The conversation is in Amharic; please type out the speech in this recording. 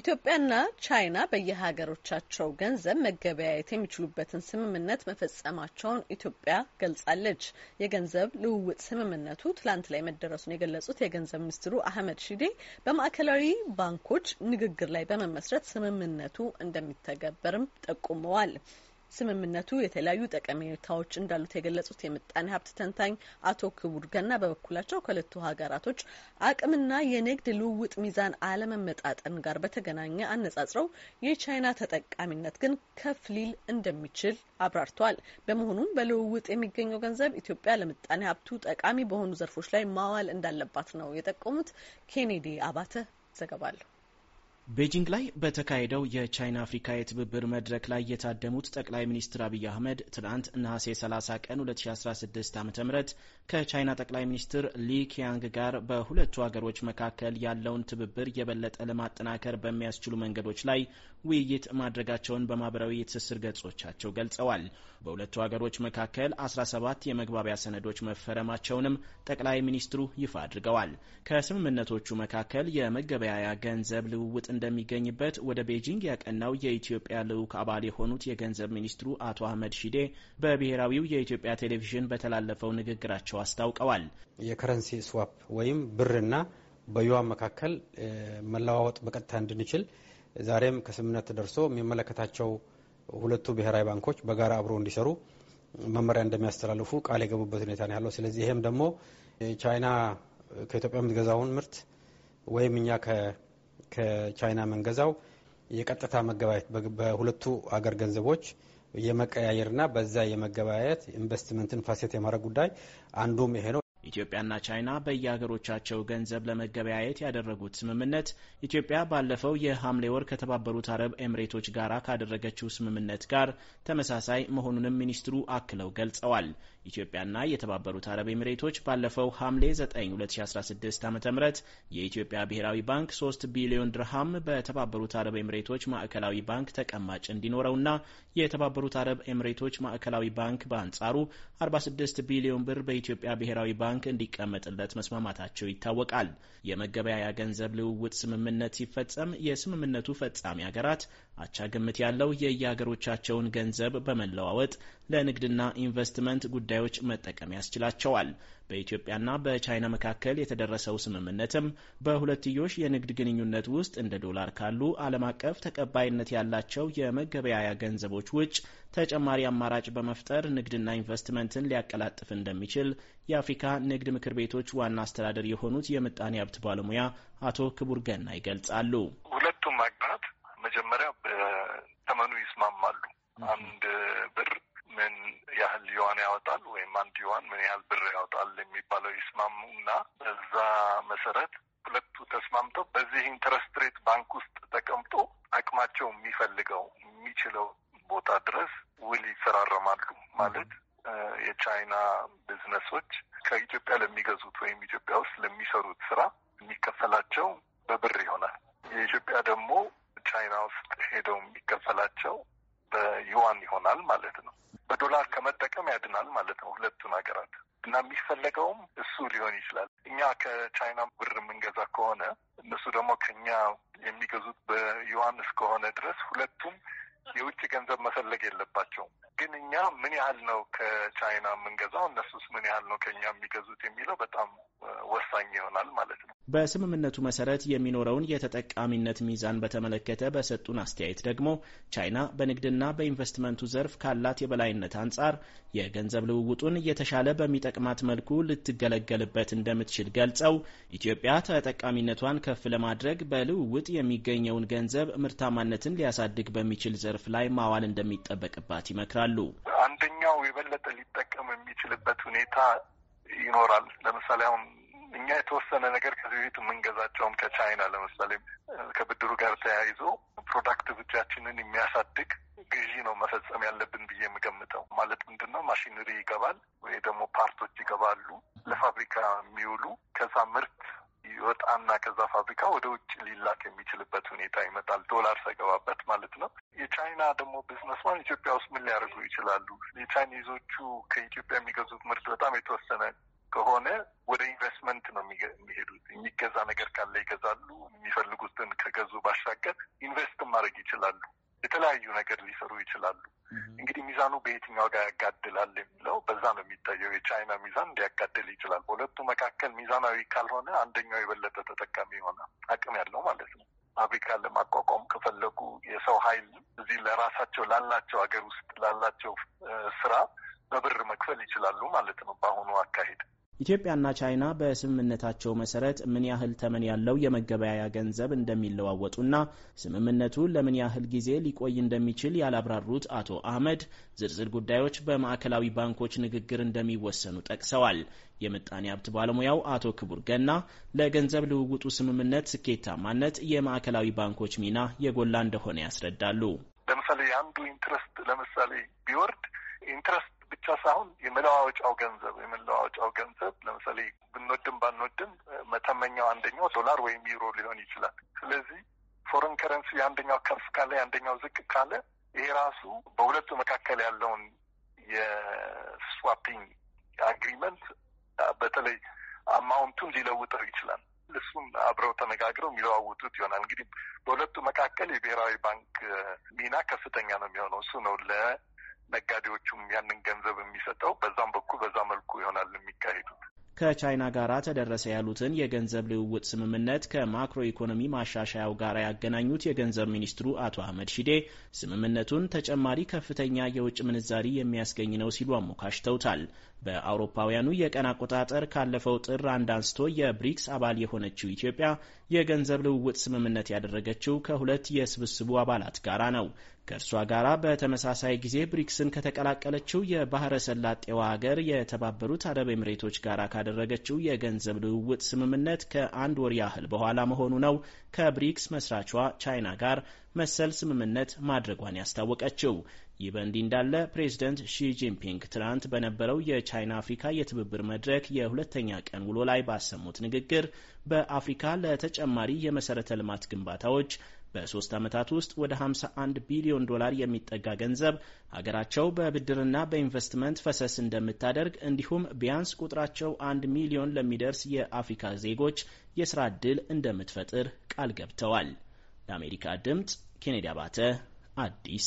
ኢትዮጵያና ቻይና በየሀገሮቻቸው ገንዘብ መገበያየት የሚችሉበትን ስምምነት መፈጸማቸውን ኢትዮጵያ ገልጻለች። የገንዘብ ልውውጥ ስምምነቱ ትላንት ላይ መደረሱን የገለጹት የገንዘብ ሚኒስትሩ አህመድ ሺዴ በማዕከላዊ ባንኮች ንግግር ላይ በመመስረት ስምምነቱ እንደሚተገበርም ጠቁመዋል። ስምምነቱ የተለያዩ ጠቀሜታዎች እንዳሉት የገለጹት የምጣኔ ሀብት ተንታኝ አቶ ክቡር ገና በበኩላቸው ከሁለቱ ሀገራቶች አቅምና የንግድ ልውውጥ ሚዛን አለመመጣጠን ጋር በተገናኘ አነጻጽረው የቻይና ተጠቃሚነት ግን ከፍ ሊል እንደሚችል አብራርተዋል። በመሆኑም በልውውጥ የሚገኘው ገንዘብ ኢትዮጵያ ለምጣኔ ሀብቱ ጠቃሚ በሆኑ ዘርፎች ላይ ማዋል እንዳለባት ነው የጠቆሙት። ኬኔዲ አባተ ዘገባለሁ። ቤጂንግ ላይ በተካሄደው የቻይና አፍሪካ የትብብር መድረክ ላይ የታደሙት ጠቅላይ ሚኒስትር አብይ አህመድ ትናንት ነሐሴ 30 ቀን 2016 ዓ ም ከቻይና ጠቅላይ ሚኒስትር ሊ ኪያንግ ጋር በሁለቱ ሀገሮች መካከል ያለውን ትብብር የበለጠ ለማጠናከር በሚያስችሉ መንገዶች ላይ ውይይት ማድረጋቸውን በማህበራዊ የትስስር ገጾቻቸው ገልጸዋል። በሁለቱ ሀገሮች መካከል 17 የመግባቢያ ሰነዶች መፈረማቸውንም ጠቅላይ ሚኒስትሩ ይፋ አድርገዋል። ከስምምነቶቹ መካከል የመገበያያ ገንዘብ ልውውጥ እንደሚገኝበት ወደ ቤጂንግ ያቀናው የኢትዮጵያ ልዑክ አባል የሆኑት የገንዘብ ሚኒስትሩ አቶ አህመድ ሺዴ በብሔራዊው የኢትዮጵያ ቴሌቪዥን በተላለፈው ንግግራቸው አስታውቀዋል። የከረንሲ ስዋፕ ወይም ብርና በዩዋን መካከል መለዋወጥ በቀጥታ እንድንችል ዛሬም ከስምምነት ደርሶ የሚመለከታቸው ሁለቱ ብሔራዊ ባንኮች በጋራ አብሮ እንዲሰሩ መመሪያ እንደሚያስተላልፉ ቃል የገቡበት ሁኔታ ነው ያለው። ስለዚህ ይህም ደግሞ ቻይና ከኢትዮጵያ የምትገዛውን ምርት ወይም እኛ ከቻይና መንገዛው የቀጥታ መገበያየት በሁለቱ አገር ገንዘቦች የመቀያየርና በዛ የመገበያየት ኢንቨስትመንትን ፋሴት የማድረግ ጉዳይ አንዱም ይሄ ነው። ኢትዮጵያና ቻይና በየሀገሮቻቸው ገንዘብ ለመገበያየት ያደረጉት ስምምነት ኢትዮጵያ ባለፈው የሐምሌ ወር ከተባበሩት አረብ ኤምሬቶች ጋር ካደረገችው ስምምነት ጋር ተመሳሳይ መሆኑንም ሚኒስትሩ አክለው ገልጸዋል። ኢትዮጵያና የተባበሩት አረብ ኤምሬቶች ባለፈው ሐምሌ 9 2016 ዓ ም የኢትዮጵያ ብሔራዊ ባንክ 3 ቢሊዮን ድርሃም በተባበሩት አረብ ኤምሬቶች ማዕከላዊ ባንክ ተቀማጭ እንዲኖረውና የተባበሩት አረብ ኤምሬቶች ማዕከላዊ ባንክ በአንጻሩ 46 ቢሊዮን ብር በኢትዮጵያ ብሔራዊ ባንክ ባንክ እንዲቀመጥለት መስማማታቸው ይታወቃል። የመገበያያ ገንዘብ ልውውጥ ስምምነት ሲፈጸም የስምምነቱ ፈጻሚ ሀገራት አቻ ግምት ያለው የየሀገሮቻቸውን ገንዘብ በመለዋወጥ ለንግድና ኢንቨስትመንት ጉዳዮች መጠቀም ያስችላቸዋል። በኢትዮጵያና በቻይና መካከል የተደረሰው ስምምነትም በሁለትዮሽ የንግድ ግንኙነት ውስጥ እንደ ዶላር ካሉ ዓለም አቀፍ ተቀባይነት ያላቸው የመገበያያ ገንዘቦች ውጭ ተጨማሪ አማራጭ በመፍጠር ንግድና ኢንቨስትመንትን ሊያቀላጥፍ እንደሚችል የአፍሪካ ንግድ ምክር ቤቶች ዋና አስተዳደር የሆኑት የምጣኔ ሀብት ባለሙያ አቶ ክቡር ገና ይገልጻሉ። ሁለቱም አገራት ዋን ምን ያህል ብር ያወጣል የሚባለው ይስማሙ እና በዛ መሰረት ሁለቱ ተስማምተው በዚህ ኢንተረስት ሬት ባንክ ውስጥ ተቀምጦ አቅማቸው የሚፈልገው የሚችለው ቦታ ድረስ ውል ይፈራረማሉ ማለት የቻይና ቢዝነሶች ከኢትዮጵያ ለሚገዙት ወይም ኢትዮጵያ ውስጥ ለሚሰሩት ስራ የሚከፈላቸው በብር ይሆናል። የኢትዮጵያ ደግሞ ቻይና ውስጥ ሄደው የሚከፈላቸው በዩዋን ይሆናል ማለት ነው። በዶላር ከመጠቀም ያድናል ማለት ነው ሁለቱን ሀገራት እና የሚፈለገውም እሱ ሊሆን ይችላል። እኛ ከቻይና ብር የምንገዛ ከሆነ እነሱ ደግሞ ከኛ የሚገዙት በዩዋን እስከሆነ ድረስ ሁለቱም የውጭ ገንዘብ መፈለግ የለባቸውም። ግን እኛ ምን ያህል ነው ከቻይና የምንገዛው፣ እነሱስ ምን ያህል ነው ከኛ የሚገዙት የሚለው በጣም ወሳኝ ይሆናል ማለት ነው። በስምምነቱ መሰረት የሚኖረውን የተጠቃሚነት ሚዛን በተመለከተ በሰጡን አስተያየት ደግሞ ቻይና በንግድና በኢንቨስትመንቱ ዘርፍ ካላት የበላይነት አንጻር የገንዘብ ልውውጡን እየተሻለ በሚጠቅማት መልኩ ልትገለገልበት እንደምትችል ገልጸው ኢትዮጵያ ተጠቃሚነቷን ከፍ ለማድረግ በልውውጥ የሚገኘውን ገንዘብ ምርታማነትን ሊያሳድግ በሚችል ዘርፍ ላይ ማዋል እንደሚጠበቅባት ይመክራሉ። አንደኛው የበለጠ ሊጠቀም የሚችልበት ሁኔታ ይኖራል። ለምሳሌ አሁን እኛ የተወሰነ ነገር ከዚህ በፊት የምንገዛቸውም ከቻይና ለምሳሌ ከብድሩ ጋር ተያይዞ ብቻችንን የሚያሳድግ ግዢ ነው መፈጸም ያለብን ብዬ የምገምተው። ማለት ምንድን ነው ማሽነሪ ይገባል ወይ ደግሞ ፓርቶች ይገባሉ ለፋብሪካ የሚውሉ ከዛ ምርት ይወጣና ከዛ ፋብሪካ ወደ ውጭ ሊላክ የሚችልበት ሁኔታ ይመጣል። ዶላር ሳይገባበት ማለት ነው። የቻይና ደግሞ ቢዝነስማን ኢትዮጵያ ውስጥ ምን ሊያደርጉ ይችላሉ? የቻይኒዞቹ ከኢትዮጵያ የሚገዙት ምርት በጣም የተወሰነ ከሆነ ወደ ኢንቨስትመንት ነው የሚሄዱት። የሚገዛ ነገር ካለ ይገዛሉ። የሚፈልጉትን ከገዙ ባሻገር ኢንቨስት ማድረግ ይችላሉ። የተለያዩ ነገር ሊሰሩ ይችላሉ። እንግዲህ ሚዛኑ በየትኛው ጋር ያጋድላል የሚለው በዛ ነው የሚታየው። የቻይና ሚዛን እንዲያጋድል ይችላል። በሁለቱ መካከል ሚዛናዊ ካልሆነ አንደኛው የበለጠ ተጠቃሚ ይሆናል፣ አቅም ያለው ማለት ነው። ፋብሪካ ለማቋቋም ከፈለጉ የሰው ኃይል እዚህ ለራሳቸው ላላቸው ሀገር ውስጥ ላላቸው ስራ በብር መክፈል ይችላሉ ማለት ነው በአሁኑ አካሄድ። ኢትዮጵያና ቻይና በስምምነታቸው መሰረት ምን ያህል ተመን ያለው የመገበያያ ገንዘብ እንደሚለዋወጡና ስምምነቱ ለምን ያህል ጊዜ ሊቆይ እንደሚችል ያላብራሩት አቶ አህመድ ዝርዝር ጉዳዮች በማዕከላዊ ባንኮች ንግግር እንደሚወሰኑ ጠቅሰዋል። የምጣኔ ሀብት ባለሙያው አቶ ክቡር ገና ለገንዘብ ልውውጡ ስምምነት ስኬታማነት የማዕከላዊ ባንኮች ሚና የጎላ እንደሆነ ያስረዳሉ። ለምሳሌ የአንዱ ኢንትረስት ለምሳሌ ቢወርድ ኢንትረስት ብቻ ሳይሆን የመለዋወጫው ገንዘብ የመለዋወጫው ገንዘብ ለምሳሌ ብንወድም ባንወድም መተመኛው አንደኛው ዶላር ወይም ዩሮ ሊሆን ይችላል። ስለዚህ ፎረን ከረንሲ የአንደኛው ከፍ ካለ የአንደኛው ዝቅ ካለ ይሄ ራሱ በሁለቱ መካከል ያለውን የስዋፒንግ አግሪመንት በተለይ አማውንቱን ሊለውጠው ይችላል። እሱም አብረው ተነጋግረው የሚለዋውጡት ይሆናል። እንግዲህ በሁለቱ መካከል የብሔራዊ ባንክ ሚና ከፍተኛ ነው የሚሆነው። እሱ ነው ነጋዴዎቹም ያንን ገንዘብ የሚሰጠው በዛም በኩል በዛ መልኩ ይሆናል የሚካሄዱት። ከቻይና ጋር ተደረሰ ያሉትን የገንዘብ ልውውጥ ስምምነት ከማክሮ ኢኮኖሚ ማሻሻያው ጋር ያገናኙት የገንዘብ ሚኒስትሩ አቶ አህመድ ሺዴ ስምምነቱን ተጨማሪ ከፍተኛ የውጭ ምንዛሪ የሚያስገኝ ነው ሲሉ አሞካሽተውታል። በአውሮፓውያኑ የቀን አቆጣጠር ካለፈው ጥር አንድ አንስቶ የብሪክስ አባል የሆነችው ኢትዮጵያ የገንዘብ ልውውጥ ስምምነት ያደረገችው ከሁለት የስብስቡ አባላት ጋራ ነው። ከእርሷ ጋር በተመሳሳይ ጊዜ ብሪክስን ከተቀላቀለችው የባህረ ሰላጤዋ ሀገር የተባበሩት አረብ ኤምሬቶች ጋር ካደረገችው የገንዘብ ልውውጥ ስምምነት ከአንድ ወር ያህል በኋላ መሆኑ ነው ከብሪክስ መስራቿ ቻይና ጋር መሰል ስምምነት ማድረጓን ያስታወቀችው። ይህ በእንዲህ እንዳለ ፕሬዚደንት ሺጂንፒንግ ትናንት በነበረው የቻይና አፍሪካ የትብብር መድረክ የሁለተኛ ቀን ውሎ ላይ ባሰሙት ንግግር በአፍሪካ ለተጨማሪ የመሰረተ ልማት ግንባታዎች በሶስት ዓመታት ውስጥ ወደ 51 ቢሊዮን ዶላር የሚጠጋ ገንዘብ ሀገራቸው በብድርና በኢንቨስትመንት ፈሰስ እንደምታደርግ እንዲሁም ቢያንስ ቁጥራቸው አንድ ሚሊዮን ለሚደርስ የአፍሪካ ዜጎች የስራ ዕድል እንደምትፈጥር ቃል ገብተዋል። ለአሜሪካ ድምፅ ኬኔዲ አባተ አዲስ